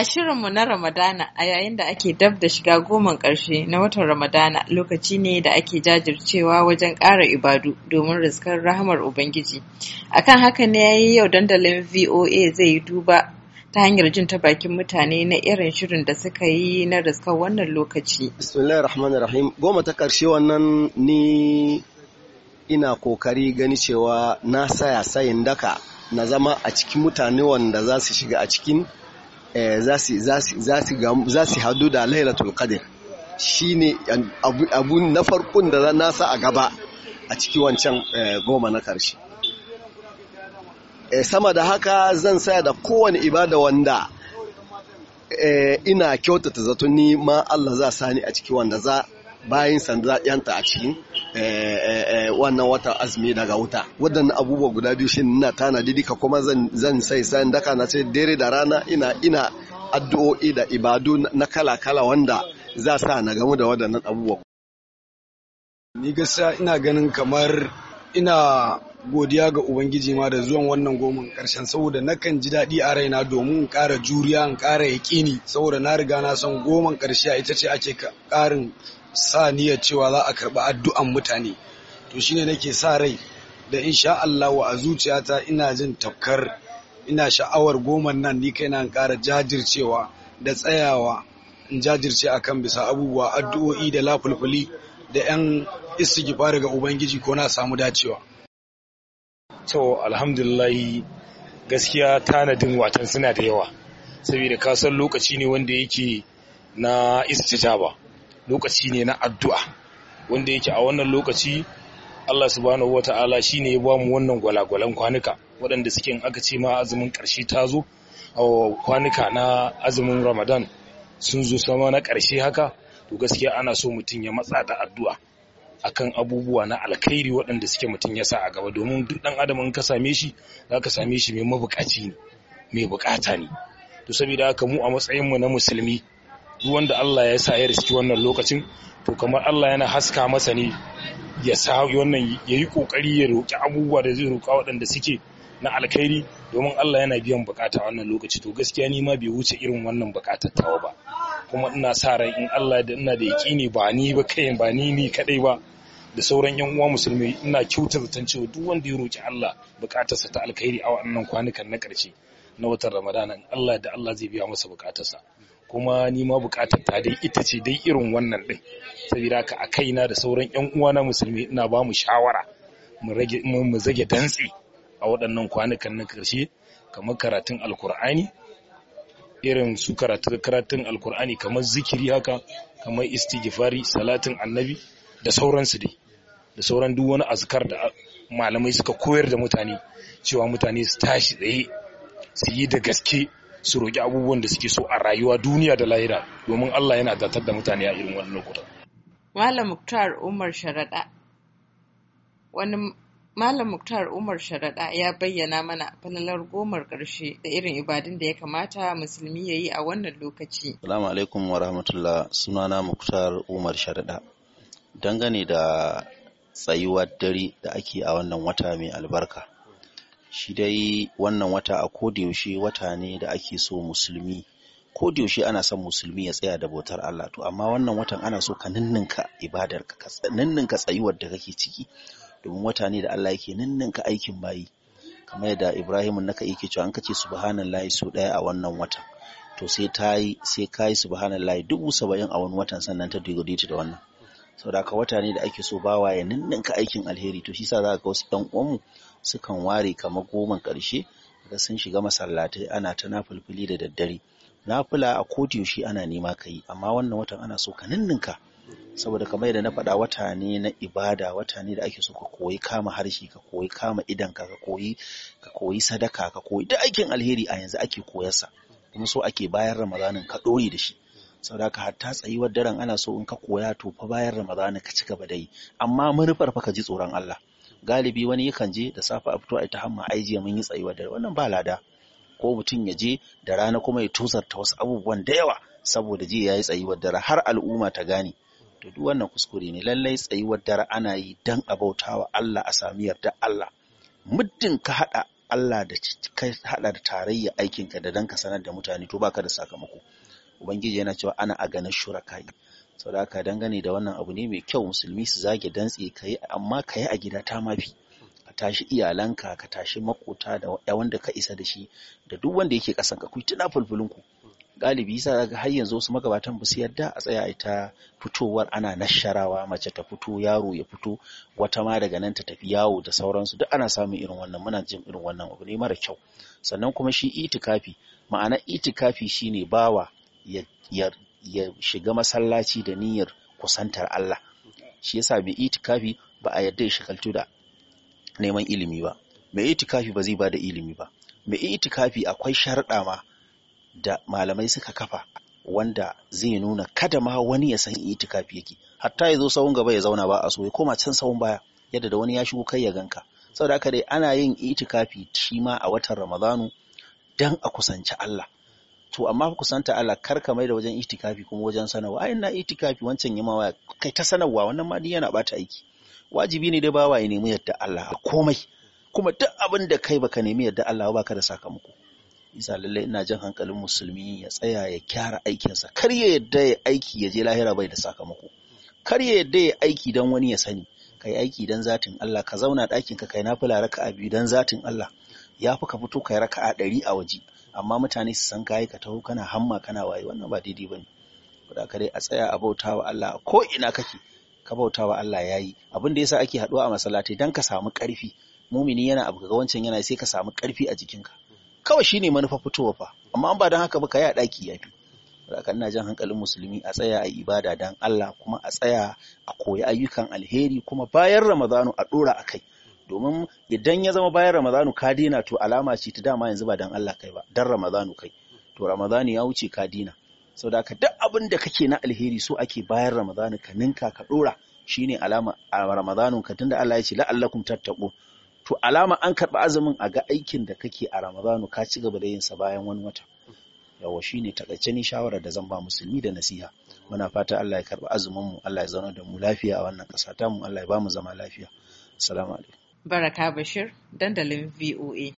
A shirinmu na Ramadana a yayin da ake dab da shiga goman ƙarshe na watan Ramadana lokaci ne da ake jajircewa wajen ƙara ibadu domin riskar rahamar Ubangiji. Akan haka ne ya yi yau dandalin VOA zai yi duba ta hanyar jin ta bakin mutane na irin shirin da suka yi na riskar wannan lokaci. Goma ta ƙarshe wannan ni ina kokari gani cewa na saya sayin daka na zama a cikin mutane wanda za su shiga a cikin Eh, za su hadu da lairatul qadr ne, abu na farkon da na sa a gaba a cikin wancan eh, goma na karshe eh, sama da haka zan saya da kowane ibada wanda ina kyautata zato ni ma Allah za sani a ciki wanda za bayan sanda a cikin eh, eh, eh, wannan watan azumi daga wuta waɗannan abubuwa guda biyu shi na tana didika kuma zan sai sayan daka na ce dare da rana ina ina addu'o'i da ibadu na kala kala wanda za sa na gamu da waɗannan abubuwa ni gaskiya ina ganin kamar ina godiya ga ubangiji ma da zuwan wannan goman karshen saboda nakan ji daɗi a raina domin in ƙara juriya in ƙara yaƙini saboda na riga na san goman ƙarshe ita ce ake karin sa niyyar cewa za a karɓi addu'an mutane to shine nake sa rai da insha Allah wa a zuciyata ina jin tafkar ina sha'awar goma nan ni kai na ƙara jajircewa da tsayawa in jajirce akan bisa abubuwa addu'o'i da lafulfuli da 'yan istighfar ga ubangiji ko na samu dacewa to alhamdulillah gaskiya tanadin watan suna da yawa saboda ka san lokaci ne wanda yake na istijaba lokaci ne na addu'a wanda yake a wannan lokaci Allah subhanahu wata'ala shine ya ba mu wannan gwalagwalan kwanuka waɗanda suke aka ce ma azumin ƙarshe ta zo a kwanuka na azumin Ramadan sun zo sama na ƙarshe haka to gaskiya ana so mutum ya matsa da addu'a a kan abubuwa na alkhairi waɗanda suke mutum ya sa a gaba domin duk ɗan adam in ka same shi za ka same shi mai mabukaci ne mai bukata ne to saboda haka mu a matsayin mu na musulmi duk wanda Allah ya sa ya riski wannan lokacin to kamar Allah yana haska masa ne ya sa wannan ya yi kokari ya roƙi abubuwa da zai roƙa waɗanda suke na alkhairi domin Allah yana biyan bukata wannan lokaci to gaskiya ni ma bai wuce irin wannan bukatar tawa ba kuma ina sa ran in Allah da ina da yaƙini ba ni ba kai ba ni ni kadai ba da sauran yan uwa musulmi ina kyautar zaton cewa duk wanda ya roki Allah bukatarsa ta alkhairi a wannan kwanukan na ƙarshe na watan Ramadana Allah da Allah zai biya masa bukatarsa kuma ni ma bukatar ta dai ita ce dai irin wannan din saboda haka a kaina da sauran yan uwana musulmi ina ba mu shawara mu rage mu zage dantsi a waɗannan kwanukan na karshe kamar karatun alkur'ani irin su karatun alkur'ani kamar zikiri haka kamar istighfari salatin annabi da sauransu dai da sauran duk wani azkar da malamai suka koyar da mutane cewa mutane su tashi tsaye su yi da gaske su roƙi abubuwan da suke so a rayuwa duniya da lahira domin Allah yana datar da mutane a irin wani lokuta. Malam Muktar Umar Sharaɗa ya bayyana mana falalar gomar ƙarshe da irin ibadun da ya kamata musulmi ya yi a wannan lokaci. Salamu alaikum wa rahmatullah sunana Muktar Umar Sharaɗa. Dangane da tsayuwar dare da ake a wannan wata mai albarka. shi dai wannan wata a kodayaushe wata ne da ake so musulmi kodayaushe ana son musulmi ya tsaya da bautar Allah to amma wannan watan ana so ka ninninka ibadar ka ninninka tsayuwar da kake ciki domin wata ne da Allah yake ninninka aikin bayi kamar yadda Ibrahim naka yake cewa an kace subhanallahi su daya a wannan watan to sai tayi sai kai subhanallahi dubu saba'in a wani watan sannan ta dogode da wannan saboda ka wata ne da ake so bawa ya ninninka aikin alheri to shi sa za ka wasu ɗan uwanmu sukan ware kamar goman ƙarshe ga sun shiga masallatai ana ta nafulfuli da daddare nafula a kotu yaushe ana nema ka yi amma wannan watan ana so ka ninninka saboda kamar yadda na faɗa wata ne na ibada wata ne da ake so ka koyi kama harshe ka koyi kama idan ka koyi ka koyi sadaka ka koyi duk aikin alheri a yanzu ake koyarsa kuma so ake bayan ramadanin ka ɗore da shi saboda har ta tsayuwar daren ana so in ka koya to fa bayan ramadana ka ci gaba dai amma manufar fa ka ji tsoron Allah galibi wani yakan je da safe a fito a ta hamma ai jiya mun yi tsayuwar dare wannan ba lada ko mutum ya je da rana kuma ya tozarta wasu abubuwan da yawa saboda jiya ya yi tsayuwar dare har al'umma ta gane to duk wannan kuskure ne lallai tsayuwar dare ana yi dan a bautawa Allah a samiyar yarda Allah muddin ka hada Allah da kai hada da tarayya aikinka da dan ka sanar da mutane to baka da sakamako ubangiji yana cewa ana agana shurakai sau da haka dangane da wannan abu ne mai kyau musulmi su zage dantse kai amma ka yi a gida ta mafi ka tashi iyalanka ka tashi makota da wanda ka isa da shi da duk wanda yake kasan ka kuyi tuna fulfulinku galibi yasa ga har yanzu wasu magabatan ba su yarda a tsaya ita fitowar ana nasharawa mace ta fito yaro ya fito wata ma daga nan ta tafi yawo da sauransu duk ana samun irin wannan muna jin irin wannan abu ne mara kyau sannan kuma shi itikafi ma'ana itikafi shine bawa ya shiga masallaci da niyyar kusantar Allah shi yasa mai itikafi ba a yadda ya shakaltu da neman ilimi ba mai itikafi ba zai ba da ilimi ba mai itikafi akwai sharɗa ma da malamai suka kafa wanda zai nuna kada ma wani ya san itikafi yake hatta ya zo sawun gaba ya zauna ba a so ya koma can sawun baya yadda da wani ya shigo kai ya ganka saboda haka dai ana yin itikafi shi ma a watan Ramadanu dan a kusanci Allah to amma ku santa Allah kar ka mai da wajen itikafi kuma wajen sanarwa ai ina itikafi wancan yi waya kai ta sanarwa wannan ma yana bata aiki wajibi ne dai bawa ya nemi yadda Allah komai kuma duk abin da kai baka nemi yadda Allah ba ka da sakamako isa lallai ina jan hankalin musulmi ya tsaya ya kyara aikinsa kar ya yadda ya aiki ya je lahira bai da sakamako kar ya yadda ya aiki dan wani ya sani kai aiki dan zatin Allah ka zauna ɗakin ka kai nafila raka'a biyu dan zatin Allah ya fi ka fito kai raka'a ɗari a waje amma mutane su san kayi ka taho kana hamma kana waye wannan ba daidai bane da ka dai a tsaya a bautawa Allah ko ina kake ka bauta wa Allah yayi abin da yasa ake haduwa a masallatai dan ka samu karfi mumini yana abu ga wancan yana sai ka samu karfi a jikinka kawai shine manufa fitowa fa amma an ba dan haka ba ka yi a daki yafi haka ina jan hankalin musulmi a tsaya a ibada dan Allah kuma a tsaya a koyi ayyukan alheri kuma bayan Ramadanu a dora kai. domin idan ya zama bayan ramadanu ka dina to alama ce ta dama yanzu ba dan Allah kai ba dan ramadanu kai to ramadanu ya wuce ka dina saboda ka duk abin da kake na alheri so ake bayan ramadanu ka ninka ka dora shine alama ramadanu ka tunda Allah ya ce la'allakum tattaqu to alama an karba azumin a ga aikin da kake a ramadanu ka ci gaba da yin sa bayan wani wata yawa shine takaice ni shawara da zan ba musulmi da nasiha muna fata Allah ya karba azumin mu Allah ya zauna da mu lafiya a wannan kasa ta mu Allah ya ba mu zama lafiya assalamu alaikum Baraka Bashir, dandalin VOA.